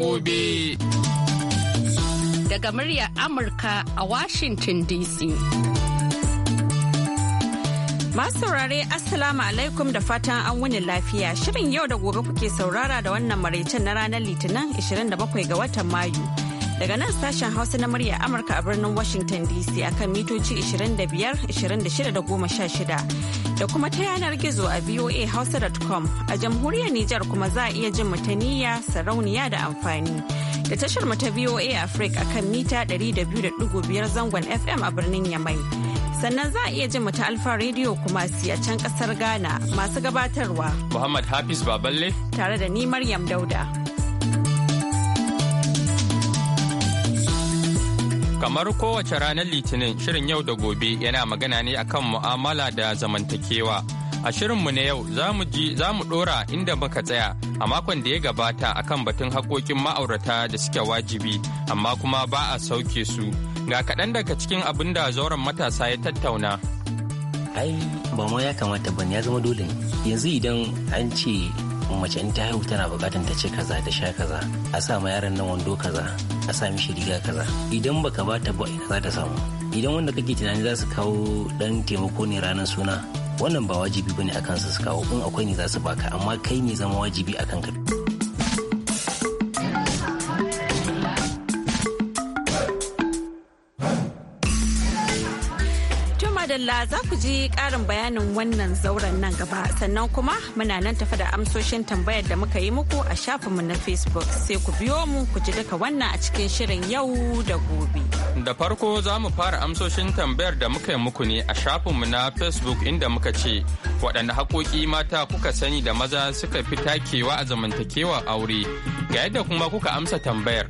gobe. Daga muryar Amurka a Washington DC. Masu saurare Assalamu alaikum da fatan an wuni lafiya. Shirin yau da gobe kuke saurara da wannan maraicen na ranar Litinin 27 ga watan Mayu. Daga nan sashen Hausa na murya Amurka a birnin Washington DC akan mitoci 25, 26 da 16. da kuma ta yanar gizo a voahausa.com a jamhuriyar Nijar kuma za a iya jin mutaniya sarauniya da amfani. Da tashar mu ta VOA Africa kan mita 200.5 zangon FM a birnin Yamai. Sannan za a iya jin mu Alfa Radio kuma si a can kasar Ghana masu gabatarwa. Muhammad Hafiz Baballe. Tare da ni Maryam Dauda. Kamar kowace ranar Litinin shirin yau da gobe yana magana ne akan mu'amala da zamantakewa. A shirinmu na yau za mu ji za mu ɗora inda muka tsaya a makon da ya gabata akan batun haƙoƙin ma'aurata da suke wajibi amma kuma ba a sauke su. Ga kaɗan daga cikin abin da zauren matasa ya tattauna. Ai, ba ma ya kamata ba ya zama dole. Yanzu idan an ce mace in ta haihu tana bukatan ta ce kaza ta sha kaza a sa ma yaron nan wando kaza a sa mishi riga kaza idan baka ba ta ba kaza ta samu idan wanda kake tunani za su kawo dan taimako ne ranar suna wannan ba wajibi bane akan su kawo in akwai ne za su baka amma kai ne zama wajibi akan ka madalla za ku ji ƙarin bayanin wannan zauren nan gaba sannan kuma muna nan tafa da amsoshin tambayar da muka yi muku a shafinmu na facebook sai ku biyo mu ku ji duka wannan a cikin shirin yau da gobe. Da farko za mu fara amsoshin tambayar da muka yi muku ne a shafinmu na facebook inda muka ce waɗanne haƙoƙi mata kuka sani da maza suka fi takewa a zamantakewa aure ga yadda kuma kuka amsa tambayar.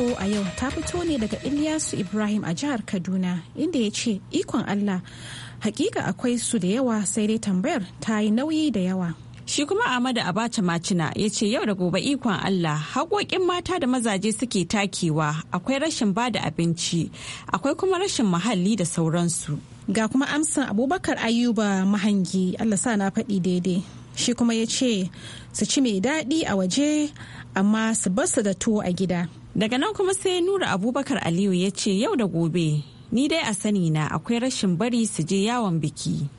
farko a yau ta fito ne daga Ilyasu Ibrahim a jihar Kaduna inda ya ce ikon Allah hakika akwai su da yawa sai dai tambayar ta yi nauyi da yawa. Shi kuma Ahmadu Abacha Macina ya ce yau da gobe ikon Allah haƙoƙin mata da mazaje suke takewa akwai rashin ba da abinci akwai kuma rashin muhalli da sauransu. Ga kuma amsan Abubakar Ayuba Mahangi Allah sa na faɗi daidai. Shi kuma ya ce su ci mai daɗi a waje amma su basu da tuwo a gida. daga nan kuma sai nura abubakar aliyu ya ce yau da gobe ni dai a sani na akwai rashin bari su je yawon biki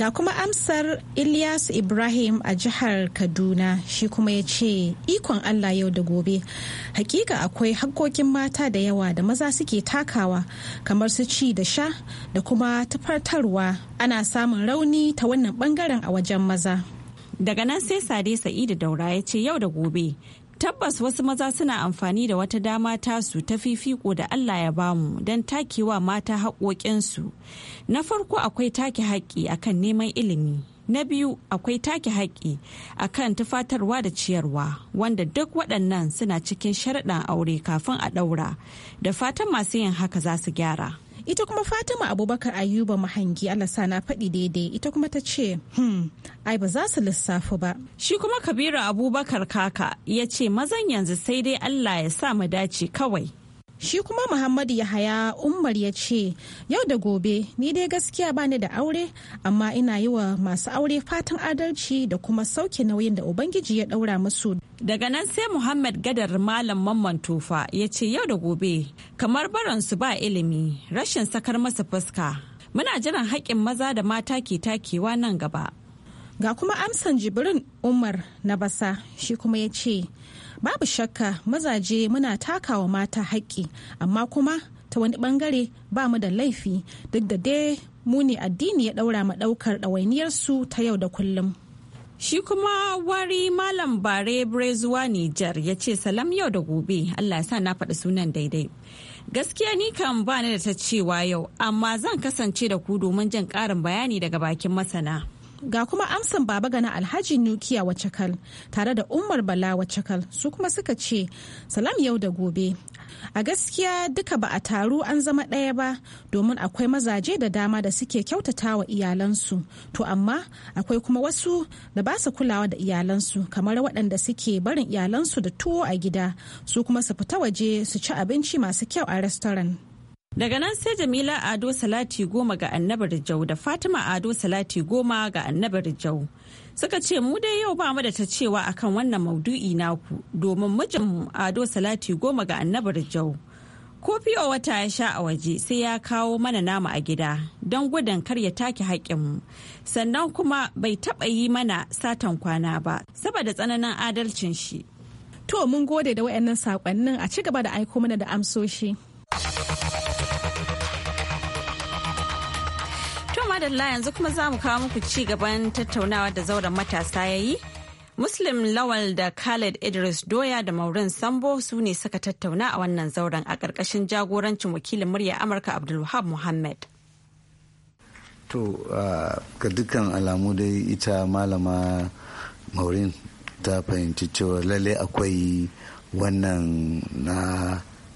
ga kuma amsar Ilyasu ibrahim a jihar kaduna shi kuma ya ce ikon allah yau da gobe hakika akwai hakkokin mata da yawa da maza suke takawa kamar su ci da sha da kuma tafartarwa ana samun rauni ta wannan bangaren a wajen maza daga nan sai sade sa'idu daura ya ce yau da gobe Tabbas wasu maza suna amfani da wata dama tasu ta fifiko da Allah ya bamu don takewa mata haƙoƙinsu. Na farko akwai take haƙƙi akan neman ilimi. Na biyu akwai take haƙƙi akan tufatarwa da ciyarwa wanda duk waɗannan suna cikin sharaɗan aure kafin a ɗaura. Da fatan masu yin haka za su gyara. ita kuma fatima abubakar ayuba mahangi allah sa na faɗi daidai ita kuma ta ce hmm ai ba za su lissafi ba shi kuma kabiru abubakar kaka ya ce mazan yanzu sai dai allah ya sa mu dace kawai Shi kuma Muhammadu ya haya Umar ya ce, Yau da gobe, ni dai gaskiya bani da aure, amma ina yi wa masu aure fatan adalci da kuma sauke nauyin da Ubangiji ya ɗaura musu. Daga nan sai Muhammad Gadar Malam Mamman Tufa ya ce yau da gobe, kamar baransu ba ilimi, rashin sakar masa fuska. Muna jiran haƙƙin maza da mata ke takewa nan gaba. Ga kuma amsan jibirin Umar na basa, shi kuma ya ce, babu shakka mazaje muna takawa mata haƙƙi amma kuma ta wani ɓangare ba mu da laifi duk da dai mu ne addini ya ɗaura ma ɗaukar ɗawainiyarsu ta yau da kullum. Shi kuma wari Malam Bare Brezuwa Nijar ya ce salam yau da gobe Allah sa na faɗi sunan daidai. Gaskiya ni kan ba ni da ta cewa yau amma zan kasance da ku domin jin ƙarin bayani daga bakin masana. Ga kuma amsan baba gana Alhaji Nukiya Wacakal tare da Umar Bala Wacakal su kuma suka ce salam yau da gobe. A gaskiya duka ba a taru an zama ɗaya ba domin akwai mazaje da dama da suke kyautata wa iyalansu. To amma akwai kuma wasu da ba su kulawa da iyalansu kamar waɗanda suke barin iyalansu da tuwo a gida su kuma su fita waje su ci abinci masu kyau a restoran. Daga nan sai Jamila Ado Salati goma ga annabar Jau da Fatima Ado Salati goma ga annabar Jau. Suka ce mu dai yau ba mu da ta cewa akan wannan maudu'i naku domin mijin Ado Salati goma ga annabar Jau. Ko fiyo wata ya sha a waje sai ya kawo mana nama a gida don gudun kar ya take haƙƙinmu. Sannan kuma bai taɓa yi mana satan kwana ba, saboda tsananin adalcin shi. To mun gode da wayannan saƙonnin a ci gaba da aiko mana da amsoshi. madalla yanzu kuma za mu kawo muku ci gaban tattaunawa da zauren matasa ya yi. Muslim Lawal da khalid Idris Doya da Maurin Sambo su ne suka tattauna a wannan zauren a ƙarƙashin jagorancin wakilin murya Amurka Abdulwahab Muhammad. To, ga dukkan alamu dai ita malama Maurin ta fahimci cewa lalle akwai wannan na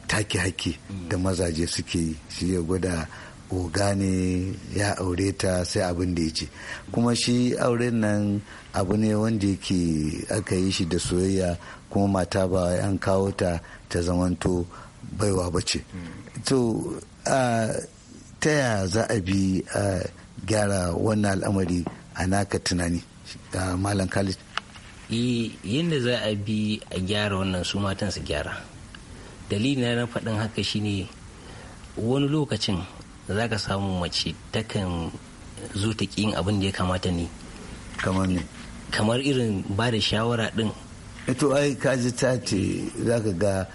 take haƙƙi da mazaje suke shi ya gwada oga ne ya aure ta sai abin da ya ce kuma shi auren nan abu ne wanda yake aka yi shi da soyayya kuma mata ba an kawo ta ta zamanto baiwa ba ce to ta ya za a bi a gyara wannan al'amari a naka tunani malam khalid eh, yadda za a bi a gyara wannan su matan su gyara dalilin na faɗin haka shine wani lokacin da za ka samu mace takan zo ta ƙin abin da ya kamata ne kamar ne kamar irin ba da shawara ɗin ito eh ai kaji ta ce za ka ga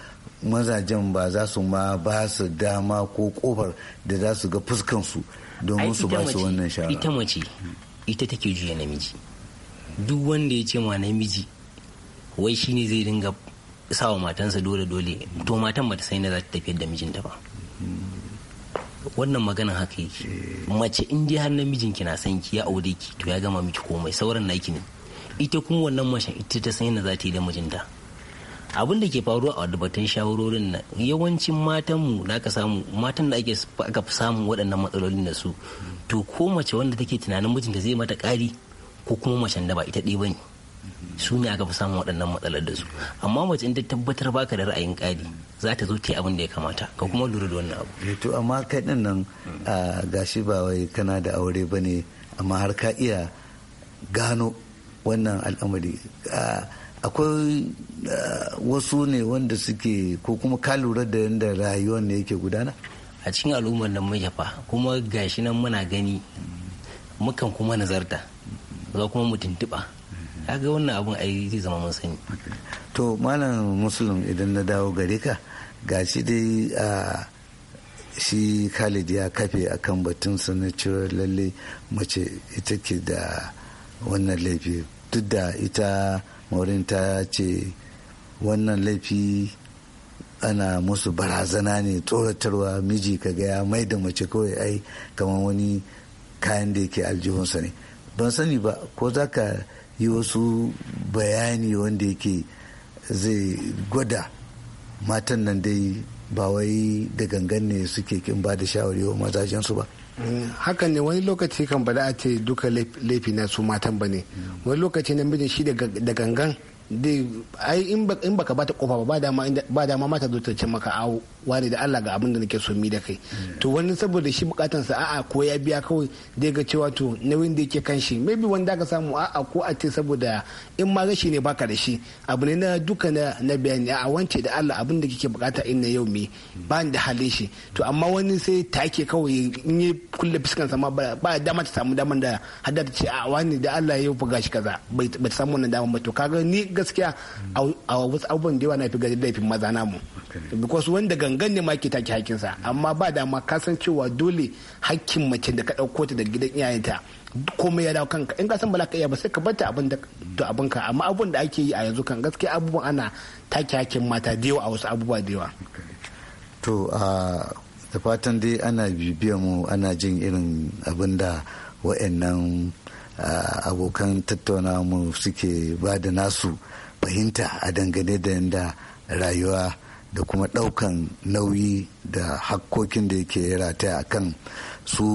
mazajen ba za su ma ba su dama ko kofar da za su ga fuskansu domin su ba su wannan shawara ita mace ita take juya namiji duk wanda ya ce ma namiji wai shine zai dinga sawa matansa dole dole to matan bata sai na za ta tafiyar da mijinta ba wannan magana haka yake mace in dai har namijin ki na san ki ya aure ki to ya gama miki komai sauran naki ne ita kuma wannan mace ita ta san yadda za ta yi da mijinta abin da ke faruwa a dubatan shawarorin nan yawancin mu da aka samu matan da ake aka fi samun waɗannan matsalolin da su to ko mace wanda take tunanin mijinta zai mata ƙari ko kuma mace da ba ita ɗaya ba ne su ne aka fi samun waɗannan matsalar da su amma mace in ta tabbatar baka da ra'ayin ƙari za ta zo ta yi abin da ya kamata ka kuma lura da wannan abu eh, to amma kai din nan mm. gashi ba wai kana da aure ba ne amma har ka iya gano wannan al'amari akwai wasu ne wanda suke ko kuma ka lura da yadda rayuwar ne yake gudana a cikin al'ummar nan muke fa kuma gashi nan muna gani mukan kuma nazarta za kuma mutuntuba kaga wannan abun zai zama mun sani to malam musulun idan na dawo gare ka ga shi dai a shi khalid ya kafe a kan batun na cewa lalle mace ita ke da wannan laifi duk da ita maurin ta ce wannan laifi ana musu barazana ne tsoratarwa miji ka gaya mai da mace kawai ai kamar wani kayan da yake aljihunsa ne ban sani ba ko za ka yi wasu bayani wanda yake zai gwada matan nan dai ba wai da gangan ne suke kin ba da shawari wa su ba hakan ne wani lokaci kan ba a ce duka laifi na su matan ba ne wani lokaci namijin shi da gangan ai in baka bata kofa ba ba dama mata zo ta ce maka awo wani da Allah ga abin da nake so mi da kai to wani saboda shi bukatan sa a'a ko ya biya kawai zai ga cewa to nauyin da yake kan shi maybe wanda ka samu a'a ko a ce saboda in ma gashi ne baka da shi abu ne na duka na na bayani a wance da Allah abin da kike bukata in na yau me ba da halin shi to amma wani sai take kawai in yi kulle fuskan sa ma ba dama ta samu daman da hadda ta ce a wani da Allah ya buga shi kaza bai samu wannan daman ba to kaga ni gaskiya a wasu abubuwan da yawa na fi gari fi maza namu. because wanda gangan ne ma ke take hakinsa amma ba da ma ka cewa dole hakkin mace da ka ɗauko ta daga gidan iyayenta komai ya dawo kanka in ka san ba za ka iya ba sai ka bar ta abin da abin ka amma abun da ake yi a yanzu kan gaskiya abubuwan ana take hakkin mata da yawa a wasu abubuwa da yawa to da fatan dai ana bibiyar mu ana jin irin abin da wa'annan abokan tattauna mu suke ba da nasu fahimta a dangane da yadda rayuwa da kuma ɗaukan nauyi da hakkokin da yake rataya a kan su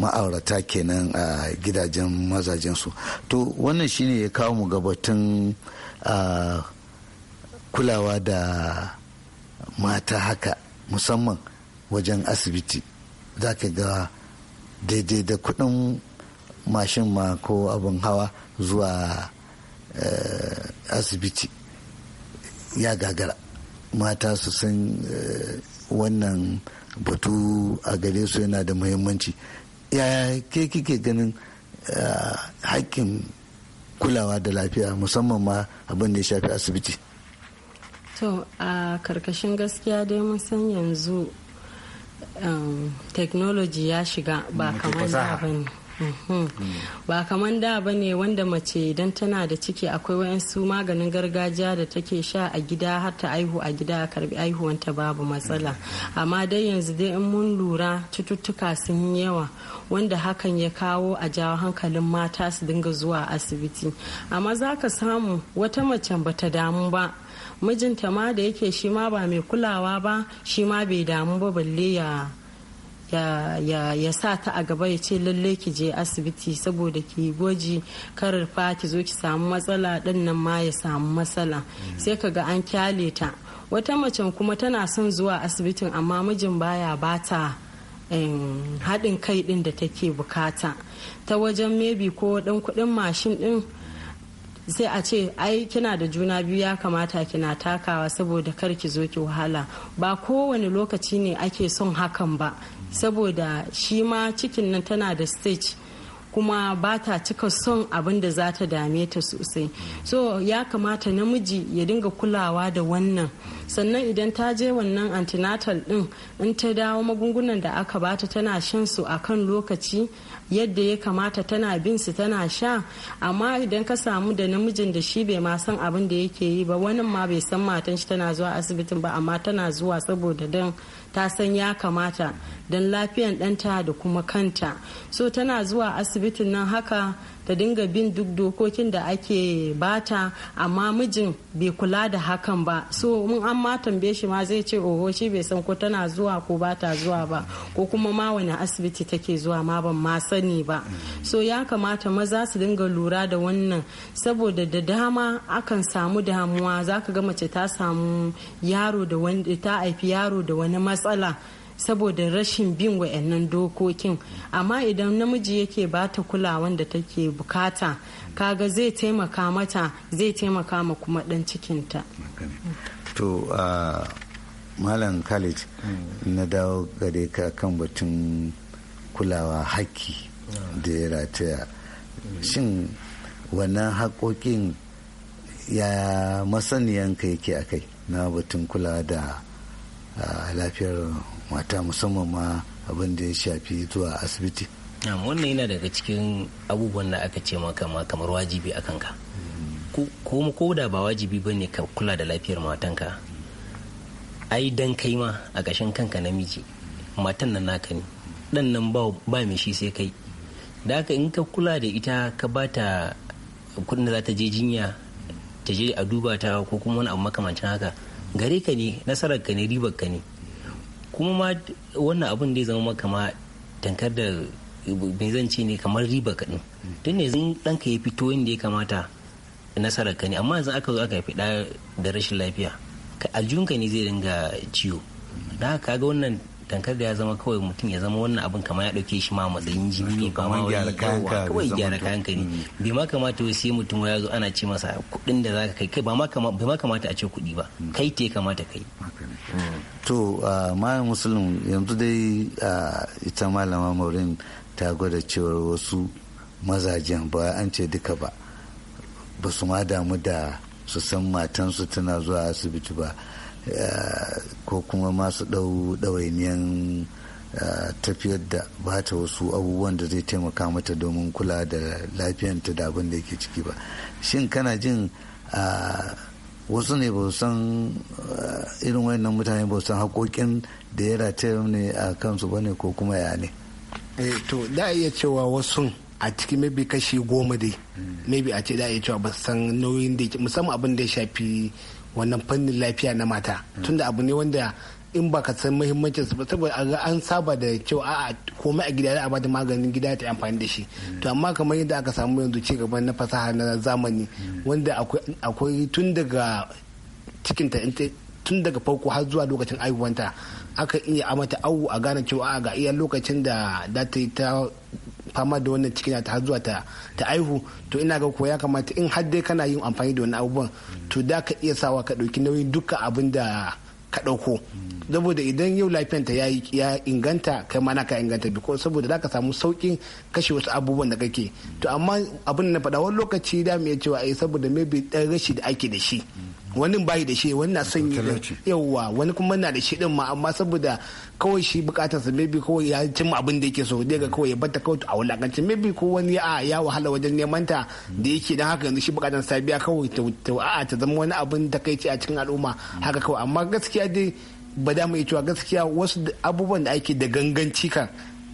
ma'aurata kenan a gidajen mazajensu to wannan shine ya kawo mu gabatun kulawa da mata haka musamman wajen asibiti za ka ga daidai da kudin mashin ma ko abin hawa zuwa eh, asibiti ya gagara mata su san eh, wannan batu a gare su yana da muhimmanci yaya ke kike ganin eh, hakkin kulawa da lafiya musamman ma abin da ya shafi asibiti to a karkashin gaskiya dai mun san yanzu um, technology ya shiga ba kamar da ba ne Mhm. ba kamar da ba ne wanda mace idan tana da ciki akwai wayansu maganin gargajiya da take sha a gida har ta aihu a gida a karbi aihuwanta babu matsala mhm. amma dai yanzu dai in mun lura cututtuka sun yi yawa wanda hakan ya kawo a jawo hankalin mata su dinga zuwa asibiti amma za ka samu wata mace ba ta damu ba mijinta ma da yake shi ma ba mai kulawa ba shi ma bai damu ba balle ya ya sa ta a gaba ya ce lalle ki je asibiti saboda ki gwaji karar fa ki zo ki samu matsala ɗin ma ya samu matsala sai ka ga an kyale ta wata mace kuma tana son zuwa asibitin amma mijin baya bata haɗin kai ɗin da take bukata ta wajen mebi ko ɗan kuɗin mashin ɗin sai a ce ai kina da juna biyu ya kamata kina takawa saboda kar ki zo ki wahala ba kowane lokaci ne ake son hakan ba saboda shi ma cikin nan tana da stage kuma ba ta cika son abin da za ta dame ta sosai so ya kamata namiji ya dinga kulawa da wannan sannan idan ta je wannan antenatal din in ta dawo magungunan da aka bata tana shan su akan lokaci yadda ya kamata tana bin su tana sha amma idan ka samu da namijin da shi bai ma san abin da yake yi ba wani ma bai san matan shi tana zuwa asibitin ba amma tana zuwa saboda dan ta san ya kamata don lafiyan ɗanta da kuma kanta so tana zuwa asibitin nan haka ta dinga bin duk dokokin da ake bata amma mijin bai kula da hakan ba so in an ma tambaye shi ma zai ce oho shi bai san ko tana zuwa ko ba zuwa ba ko kuma ma wani asibiti take zuwa ma ban ma sani ba so ya kamata maza su dinga lura da wannan saboda da dama akan samu damuwa zaka ga mace ta samu yaro da wani ta haifi yaro da wani matsala saboda rashin bin wa'annan dokokin amma idan namiji yake bata kulawan da take bukata kaga zai taimaka mata zai taimaka ma kuma dan cikinta to malam khalid mm. na dawo gare ka kan batun kulawa haƙƙi mm. da ya rataya shin wannan haƙoƙin ya masaniyanka yake a kai na batun kula da lafiyar mata musamman ma abin da ya shafi zuwa asibiti wannan yana daga cikin abubuwan da aka ce maka ma kamar wajibi a kanka ko ko da ba wajibi ba ne ka kula da lafiyar matanka ai dan kai ma a ƙashin kanka namiji matan nan naka ne dan nan ba mai shi sai kai da haka in ka kula da ita ka bata ta kudin da za ta je jinya ta je a duba ta ko kuma wani abu makamancin haka gare ka ne nasarar ka ne ribar ka ne kuma ma wannan abin da ya zama kama tankar da me zan ce ne kamar riba kaɗin tun ne zan ɗanka ya fito inda ya kamata nasarar ka ne amma yanzu aka zo aka haifi ɗa da rashin lafiya ka ne zai dinga ciwo da haka kaga wannan tankar da ya zama kawai mutum ya zama wannan abin kama ya ɗauke shi ma matsayin jini ne ba ma kawai gyara kayan ka ne mm. bai ma kamata wai sai mutum ya zo ana ce masa kuɗin da za ka kai kai ba ma kamata a ce kuɗi ba mm. kai te kamata kai to mayan musulun yanzu dai ita malama maurin ta gwada cewar wasu mazajen ba an ce duka ba ba su ma damu da su san matansu tana zuwa asibiti ba ko kuma masu ɗawainiyan tafiyar da ba ta wasu abubuwan da zai taimaka mata domin kula da lafiyanta da abin da yake ciki ba shin kana jin wasu ne ba san eh, irin wayannan mutane ba san haƙoƙin da ya rataya ne a kansu ba ne ko kuma ya ne eh, to da iya cewa wasu a cikin mabi kashi goma dai hmm. maybe a ce da iya cewa ba san nauyin da musamman abin da ya shafi wannan fannin lafiya na mata hmm. tunda abu ne wanda in ba ka san muhimmancin su ba saboda an saba da cewa a'a komai a gida a bada maganin gida ta amfani da shi to amma kamar yadda aka samu yanzu ci gaba na fasaha na zamani wanda akwai tun daga cikinta tun daga farko har zuwa lokacin aihuwanta aka iya amata awu a gane cewa ga iya lokacin da za ta yi ta fama da wannan cikin ta har zuwa ta aihu to ina ga ko ya kamata in har dai kana yin amfani da wannan abubuwan to da ka iya sawa ka ɗauki nauyin dukkan abin da ka ɗauko saboda idan yau lafiyanta ya ya inganta kai ma ka inganta biko saboda za ka samu saukin kashe wasu abubuwan da kake to amma abin na faɗa lokaci da mu iya cewa ai saboda maybe ɗan rashi da ake da shi wani bayi da shi wani na son yauwa wani kuma na da shi din ma amma saboda kawai shi bukatar sa maybe kawai ya cimma abin da yake so daga kawai ya bata kawai a wulakancin maybe ko wani a ya wahala wajen neman ta da yake dan haka yanzu shi bukatar sa biya kawai ta a ta zama wani abin takaici a cikin al'umma haka kawai amma gaskiya dai ba da mu yi cewa gaskiya wasu abubuwan da ake da ganganci kan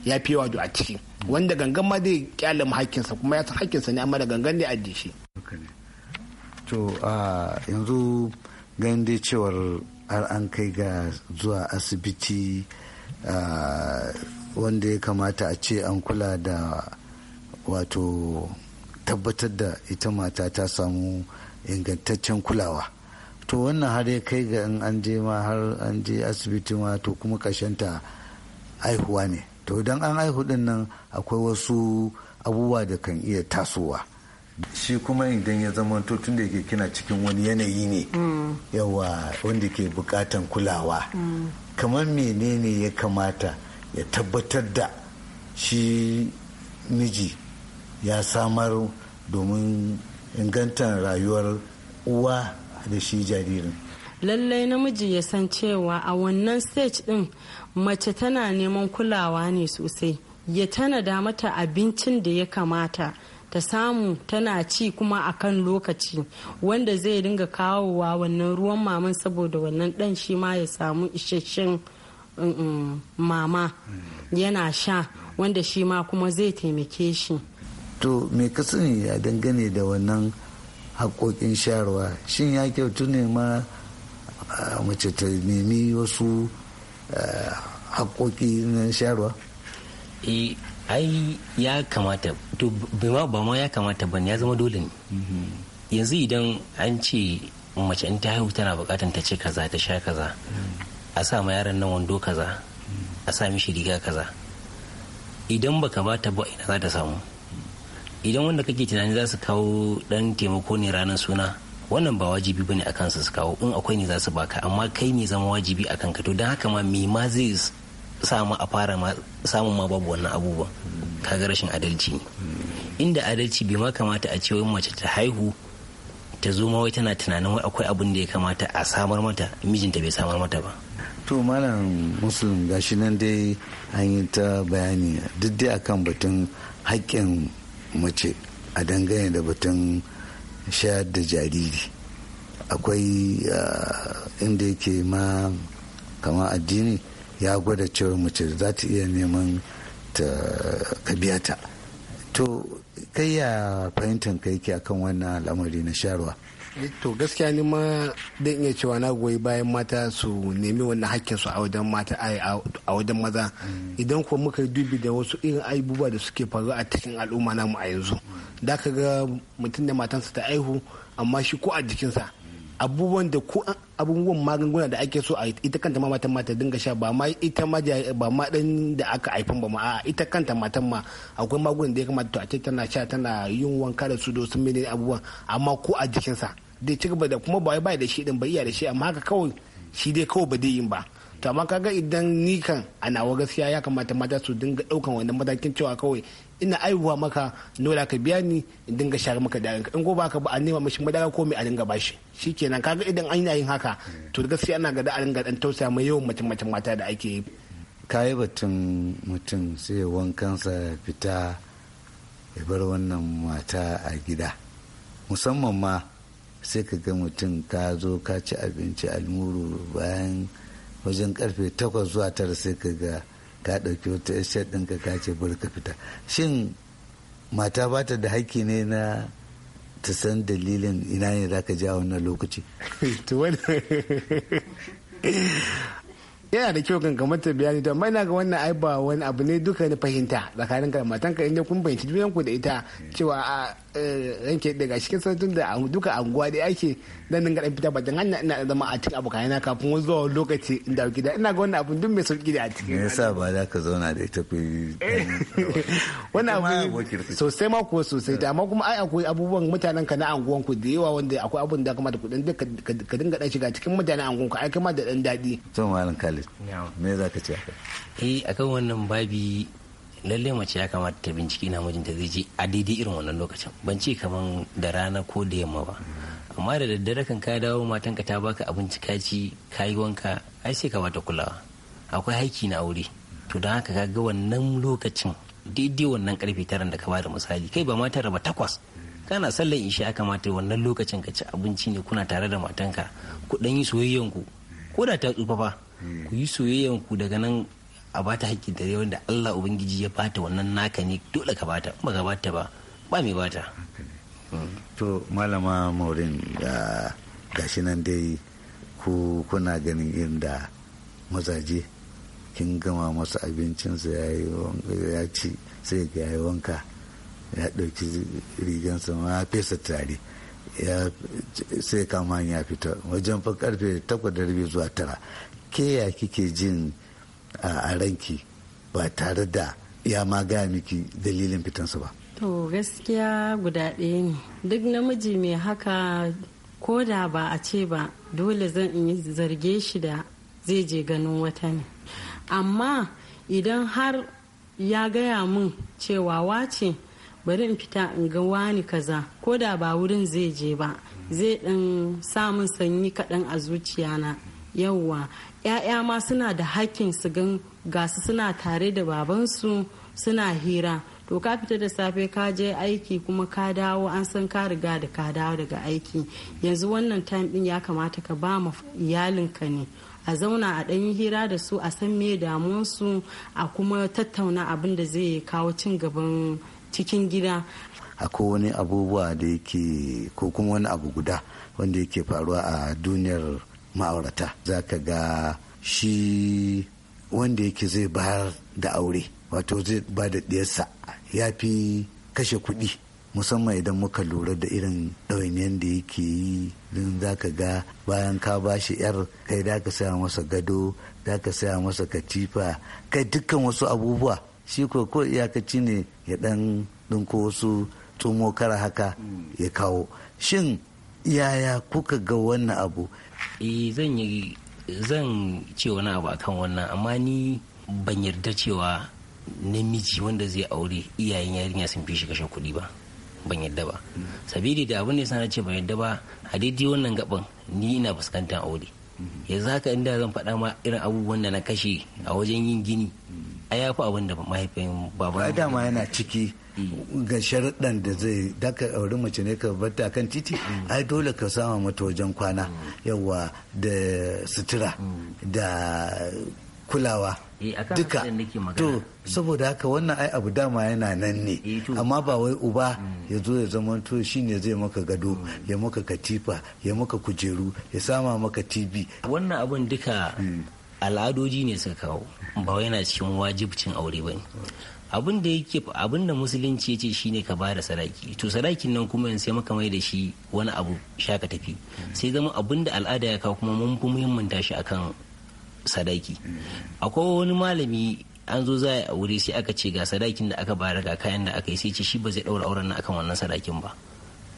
ya fi yawa a ciki wanda gangan ma dai kyalama hakkinsa kuma ya san hakkinsa ne amma da gangan ne a shi. to a yanzu ganin dai cewar har an kai ga zuwa asibiti wanda ya kamata a ce an kula da wato tabbatar da ita mata ta samu ingantaccen kulawa to wannan har ya kai ga in an je ma har an je asibiti ma to kuma ta aihuwa ne to idan an aihu din nan akwai wasu abubuwa da kan iya tasowa shi kuma idan ya zama to tun da yake kina cikin wani yanayi ne yawa wanda ke bukatan kulawa kamar menene ya kamata ya tabbatar da shi miji ya samar domin ingantar rayuwar uwa da shi jaririn lallai namiji ya san cewa a wannan stage din mace tana neman kulawa ne sosai ya tanada mata abincin da ya kamata ta samu tana ci kuma a kan lokaci wanda zai dinga kawowa wannan ruwan maman saboda wannan dan shi ma ya samu isasshen mm, mm, mama yana sha wanda shi ma kuma zai taimake shi to me ka sani ya dangane da wannan haƙoƙin shayarwa shin ya kyautu ne ma mace ta nemi wasu eh, haƙoƙi na shayarwa eh, ai ya kamata to ba ma ya kamata ba ya zama dole ne mm-hmm. yanzu idan an ce mace in ta haihu tana bukatan ta ce kaza ta sha kaza mm. a sa ma yaron nan wando kaza mm. a sa mishi riga kaza idan baka bata ba ina za ta samu idan wanda kake tunani za su kawo dan taimako ne ranar suna wannan ba wajibi bane a kansu su kawo in akwai ne za su baka amma kai ne zama wajibi a ka to don haka ma mai ma zai samu a fara samun ma babu wannan abubuwan kaga rashin adalci ne inda adalci bai ma kamata a ce wai mace ta haihu ta zo ma wai tana tunanin wai akwai abin da ya kamata a samar mata mijinta bai samar mata ba to malam muslim gashi nan dai an yi ta bayani duk dai akan batun haƙƙin mace a dangane da batun shayar da jariri akwai ah, inda yake ma kama addini ya gwada cewa mace za ta iya neman ta biya to kai ya fahimtar kai ke akan wannan al'amari na sharwa eh, to gaskiya ni ma dan iya cewa na goyi bayan mata su nemi wannan hakkin su a wajen mata a wajen maza mm. idan kuwa muka yi dubi da wasu irin abubuwa da suke faru a cikin al'umma namu a yanzu da mm. ka ga mutum da matansa ta aihu amma shi ko a jikinsa abubuwan da ko abubuwan magunguna da ake so a ita kanta ma matan mata dinga sha ba ma ita ma ba ma dan da aka haifan ba ma a ita kanta matan ma akwai magungunan da ya kamata to a ce tana sha tana yin wanka da su da sun mene abubuwan amma ko a jikinsa da ci gaba da kuma ba bai da shi din ba iya da shi amma haka kawai shi dai kawai ba dai yin ba to amma kaga idan ni kan a nawa gaskiya ya kamata mata su dinga daukan wannan matakin cewa kawai ina aibuwa maka nola ka biya ni in dinga share maka da in gobe baka ba a nema mashi madara ko mai a dinga bashi shikenan kaga idan an yin haka to gaskiya ana ga da a dinga dan tausaya mai yawan mutum mutum mata da ake yi kayi batun mutum sai wankan wankansa fita ya bar wannan mata a gida musamman ma sai ka ga mutum ka zo ka ci abinci almuru bayan wajen karfe takwas zuwa tara sai ka ga ka ɗauki wata yashar ɗinka ka ce bari ka fita shin mata ba ta da haƙƙi ne na ta san dalilin ina ne za ka ja wannan lokaci yana da kyau kan kamar ta bayani to amma ina ga wannan ai ba wani abu ne duka na fahimta tsakanin ka matanka inda kun fahimci junan ku da ita cewa a ah, Yanke eh, daga cikin sanatun da duka anguwa dai ake dan dinga dan fita bakin hanya ina zama a cikin abu kayana kafin wani zuwa lokaci in dawo gida ina ga wannan abun duk mai sauki da a cikin me yasa ba za ka zauna da ita ku eh, wani abu sosai ma kuwa sosai da amma kuma ai akwai abubuwan mutanen ka na anguwan ku da yawa wanda akwai abun da kamata ku duk ka dinga dan shiga cikin mutanen anguwan ku ai kuma da dan dadi to malam Khalid me za ka ce eh akan wannan babi lallai mace ya kamata ta binciki na mijinta zai je a daidai irin wannan lokacin ban ce kaman da rana ko da yamma ba amma da daddare kan ka dawo matanka ta baka abinci ka ci ka yi wanka ai sai ka bata kulawa akwai haiki na aure to don haka ga wannan lokacin daidai wannan karfe tara da ka bada misali kai ba ma tara ba takwas kana sallan isha ya kamata wannan lokacin ka ci abinci ne kuna tare da matanka ku dan yi soyayyan ku ko da ta tsufa ba ku yi soyayyan ku daga nan a bata haƙƙin ta dare wanda Allah ubangiji ya bata wannan naka ne dole ka bata ba ka bata ba ba mai bata to malama maurin gashi nan dai ku kuna ganin inda mazaje kin gama masa abincinsa ya ci sai ga ya wanka ya ɗauki rigansa ma fesa tare sai kama ya fita wajen fa karfe takwas da zuwa tara ke ya kike jin a ranki ba tare da ya ma gaya miki dalilin fitansa ba to gaskiya guda ɗaya ne duk namiji mai haka ko da ba a ce ba dole zan yi zarge shi da zai je ganin wata ne amma idan har ya gaya min cewa wace bari in fita in ga wani kaza ko da ba wurin zai je ba zai ɗan samun sanyi kaɗan a zuciya na yawwa 'ya'ya ma suna da hakkin su gan gasu suna tare da babansu suna hira to ka fita da safe ka je aiki kuma ka dawo an san ka riga da ka dawo daga aiki yanzu wannan time din ya kamata ka ba ma iyalinka ne a zauna a ɗanyi hira da su a san me damuwarsu a kuma tattauna abin da zai kawo cin gaban cikin gida akwai wani abubuwa da yake ko kuma wani abu guda wanda yake faruwa a duniyar ma'aurata za ka ga shi wanda yake zai bayar da aure wato zai ba da ɗiyarsa ya fi kashe kuɗi musamman idan muka lura da irin ɗawainiyar da yake yi don za ka ga bayan ka ba shi yar kai da ka saya masa gado da ka saya masa katifa kai dukkan wasu abubuwa shi ko ko iyakaci ne ya ɗan ɗinko wasu tsumo kara haka ya kawo shin yaya kuka ga wannan abu eh zan yi zan ce wani abu akan wannan amma ni ban yarda cewa namiji wanda zai aure iyayen yarinya sun fi shi kashe kuɗi ba ban yadda ba sabidi da abin da ya na ce ban yadda ba a daidai wannan gaban ni ina fuskantar aure yanzu haka inda zan faɗa ma irin abubuwan da na kashe a wajen yin gini a yafi abin da mahaifin baban dama yana ciki ga sharaɗan da zai daka auri mace ne ka bar kan titi ai dole ka sama mata wajen kwana yawa da sutura da kulawa eh, duka to saboda haka wannan ai abu dama yana nan ne eh, amma ba wai uba mm. ya zo ya zama to shine zai maka gado mm. ya maka katifa ya maka kujeru ya sama maka tv wannan abun duka mm. al'adoji ne suka kawo ba yana cikin wajibcin aure ba ne abin da yake abin da musulunci ne shine ka bada sadaki to sadakin nan kuma yanzu sai maka mai da shi wani abu shaka tafi sai zama abin da al'ada ya kawo kuma mun fi muhimmin shi akan sadaki akwai wani malami an zo za a aure sai aka ce ga sadakin da aka bayar ga kayan da aka yi sai ce shi ba zai daura auren nan akan wannan sadakin ba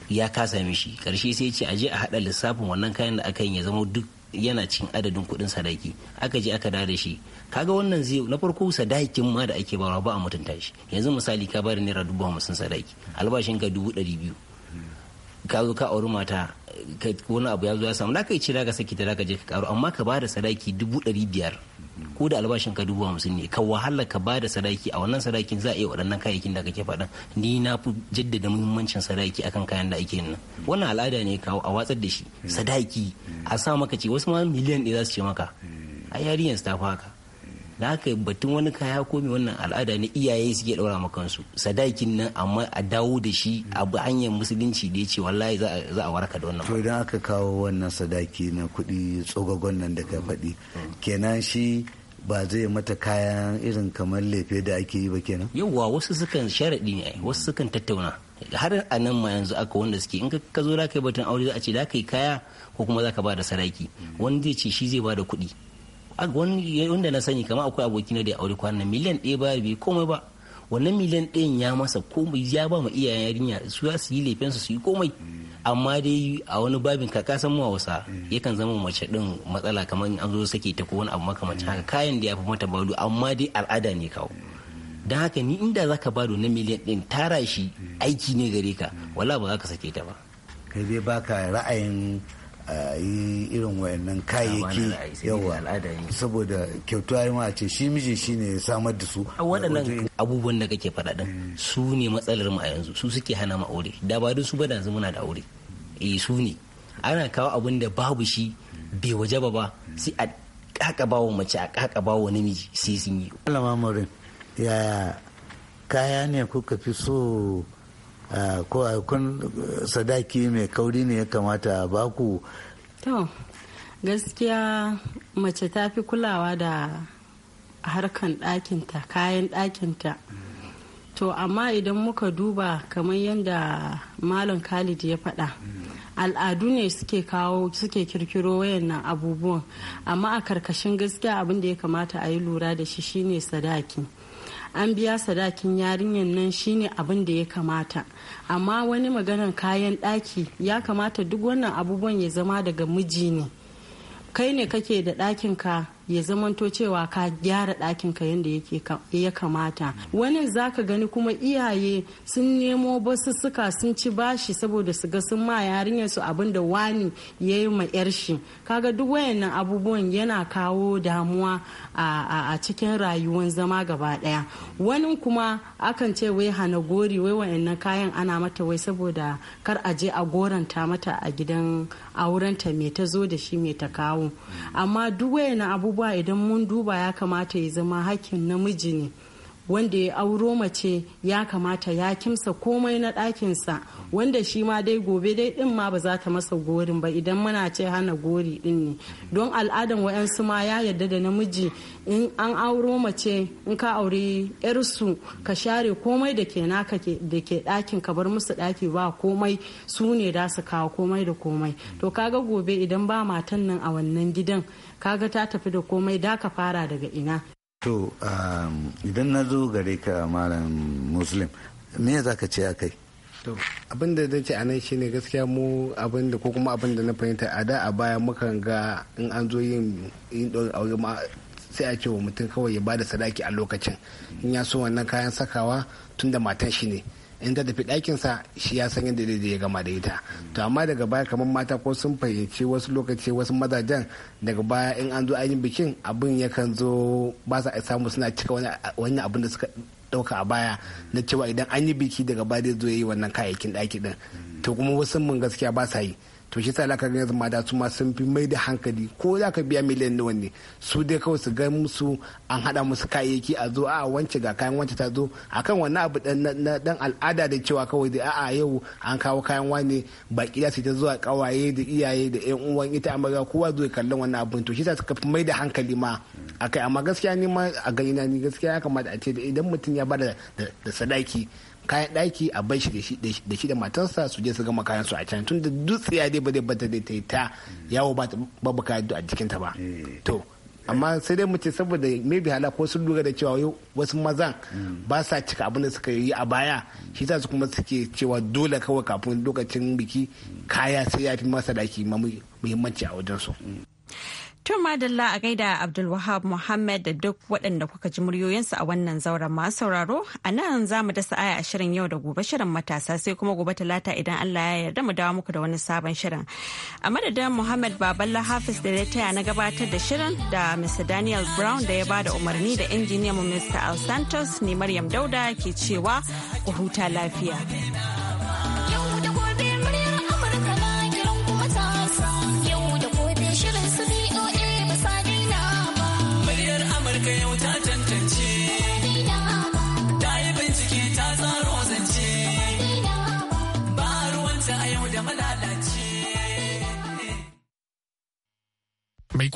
ya kasa mishi karshe sai ce aje a hada lissafin wannan kayan da aka yi ya zama duk yana cikin adadin kuɗin sadaki aka je aka da shi kaga wannan zai na farko sadakin ma da ake bawa ba a mutunta shi yanzu misali ka bari naira dubu hamsin sadaki albashin ka dubu ɗari biyu ka zo ka auri mata wani abu ya zo ya samu naka yi ce ka saki ta daga je ka karo amma ka bada sadaki dubu ɗari biyar ko da albashin ka dubu hamsin ne ka wahala ka bada sadaki a wannan sadakin za a iya waɗannan kayayyakin da kake faɗan ni na fi jaddada muhimmancin sadaki akan kayan da ake nan wannan al'ada ne kawo a watsar da shi sadaki a sa maka ce wasu ma miliyan ɗaya za su ce maka a yarinyar ta haka da haka batun wani kaya ko mai wannan al'ada na iyaye suke ɗaura ma sadakin nan amma a dawo da shi a hanyar musulunci da ya ce wallahi za a waraka da wannan to idan aka kawo wannan sadaki na kuɗi tsogagon nan da ka faɗi kenan shi ba zai mata kayan irin kamar lefe da ake yi ba kenan yawwa wasu sukan sharaɗi ne wasu sukan tattauna har a nan ma yanzu aka wanda suke in ka zo za ka yi batun aure za a ce za ka yi kaya ko kuma za ka ba da saraki wani zai ce shi zai ba da kuɗi wanda na sani kamar akwai abokina da ya aure kwana miliyan ɗaya ba bai komai ba wannan miliyan ɗayan ya masa komai ya ba ma iyayen yarinya su ya su yi laifin su yi komai amma dai a wani babin ka kasan mu wasa yakan zama mace din matsala kamar an zo sake ta ko wani abu makamanci haka kayan da ya fi mata balu amma dai al'ada ne kawo don haka ni inda zaka ba na miliyan ɗin tara shi aiki ne gare ka wala ba za ka sake ta ba kai dai baka ra'ayin a yi irin wayannan kayayyaki yawa saboda kyautuwa ce shi miji shi ne samar da su waɗannan abubuwan da kake faɗa ɗin mm. su ne matsalar mu a yanzu su suke hana mu aure da ba su ba da yanzu muna da aure eh su ne ana kawo abin da babu shi bai waje ba sai a bawo mace a kakabawa namiji sai sun yi. kaya ne kuka fi so Eh, ko eh, kun sadaki mai kauri ne ya kamata a baku to gaskiya mace ta fi kulawa da harkan ɗakinta kayan ɗakinta to amma idan muka duba kamar yadda malam khalid ya faɗa al'adu ne suke kawo suke kirkiro wayannan abubuwan amma a karkashin gaskiya abin da ya kamata a yi lura da shi shine sadaki an biya sadakin yarinyar nan shine abin da ya kamata amma wani maganar kayan ɗaki ya kamata duk wannan abubuwan ya zama daga miji ne kai ne kake da ɗakinka. ya zamanto cewa ka gyara ɗakin ka yadda ya kamata wani za ka gani kuma iyaye sun nemo basussuka sun ci bashi saboda su ga sun ma yarinyar su abin da wani ya yi ma yar shi kaga duk wayannan abubuwan yana kawo damuwa a cikin rayuwar zama gaba daya wani kuma akan ce wai hana gori wai wayannan kayan ana mata wai saboda kar a je a goranta mata a gidan aurenta me ta zo da shi me ta kawo amma duk wayannan abubuwan abubuwa idan mun duba ya kamata ya zama hakkin namiji ne wanda ya auro mace ya kamata ya kimsa komai na ɗakinsa wanda shi ma dai gobe dai ɗin ma ba za ta masa gorin ba idan muna ce hana gori ɗin ne don al'adan wa'yansu ma ya yarda da namiji in an auro mace in ka aure yarsu ka share komai da ke naka da ke ɗakin ka bar musu ɗaki ba komai su ne da su kawo komai da komai to kaga gobe idan ba matan nan a wannan gidan kaga ta tafi da komai da ka fara daga ina To um, idan na zo gare ka malam Muslim, me za ka ce a kai? To abin da zai ce a nan shine gaskiya mu abin da ko kuma abin da na fahimta a da a baya mukan ga in an zo yin ɗaurin aure ma sai a ce wa mutum kawai ya bada sadaki a lokacin in ya so wannan kayan sakawa tun da matan shi ne in ta tafi sa shi ya san yadda daidai ya gama da ita to amma daga baya kamar mata ko sun fahimci wasu lokaci wasu mazajen daga baya in an zo an yi bikin abin yakan zo ba sa samu suna cika wani abin da suka ɗauka a baya na cewa idan an yi biki daga baya zai zo ya yi wannan kayayyakin ɗaki ɗin to kuma wasu mun gaskiya ba sa yi to shi sa ga yanzu da su ma sun fi mai da hankali ko za ka biya miliyan nawa ne su dai kawai su ga musu an haɗa musu kayayyaki a zo a wance ga kayan wance ta zo akan wani abu na dan al'ada da cewa kawai da a'a yau an kawo kayan wane baki da su ta zuwa kawaye da iyaye da yan uwan ita ga kowa zo kallon wannan abu to shi sa suka fi mai da hankali ma akai amma gaskiya ni ma a gani na ni gaskiya ya kamata a ce idan mutum ya bada da sadaki kayan daki a bai shi da shi da matarsa su je su gama kayan su a can tun da ya dai ba zai bata da ta yi ta yawo babu kayan a jikinta ba eh. to amma sai dai mace saboda maybe hala ko sun lura da cewa wasu mazan mm. ba sa cika abin da suka yi a baya shi ta su kuma suke cewa dole kawai kafin lokacin biki mm. kaya sai ya fi masa daki muhimmanci a wajen su. Mm. Tun madalla a gaida Abdulwahab Muhammad da duk waɗanda kuka ji muryoyinsu a wannan zauren masu sauraro a nan za mu dasa aya a shirin yau da gobe shirin matasa sai kuma gobe talata idan Allah ya yarda mu dawo muku da wani sabon shirin. A madadin Muhammad Baballa Hafiz da ya taya na gabatar da shirin da Mr. Daniel Brown da ya ba da umarni da injiniyan mu Mr. Al Santos ne Maryam Dauda ke cewa ku huta lafiya.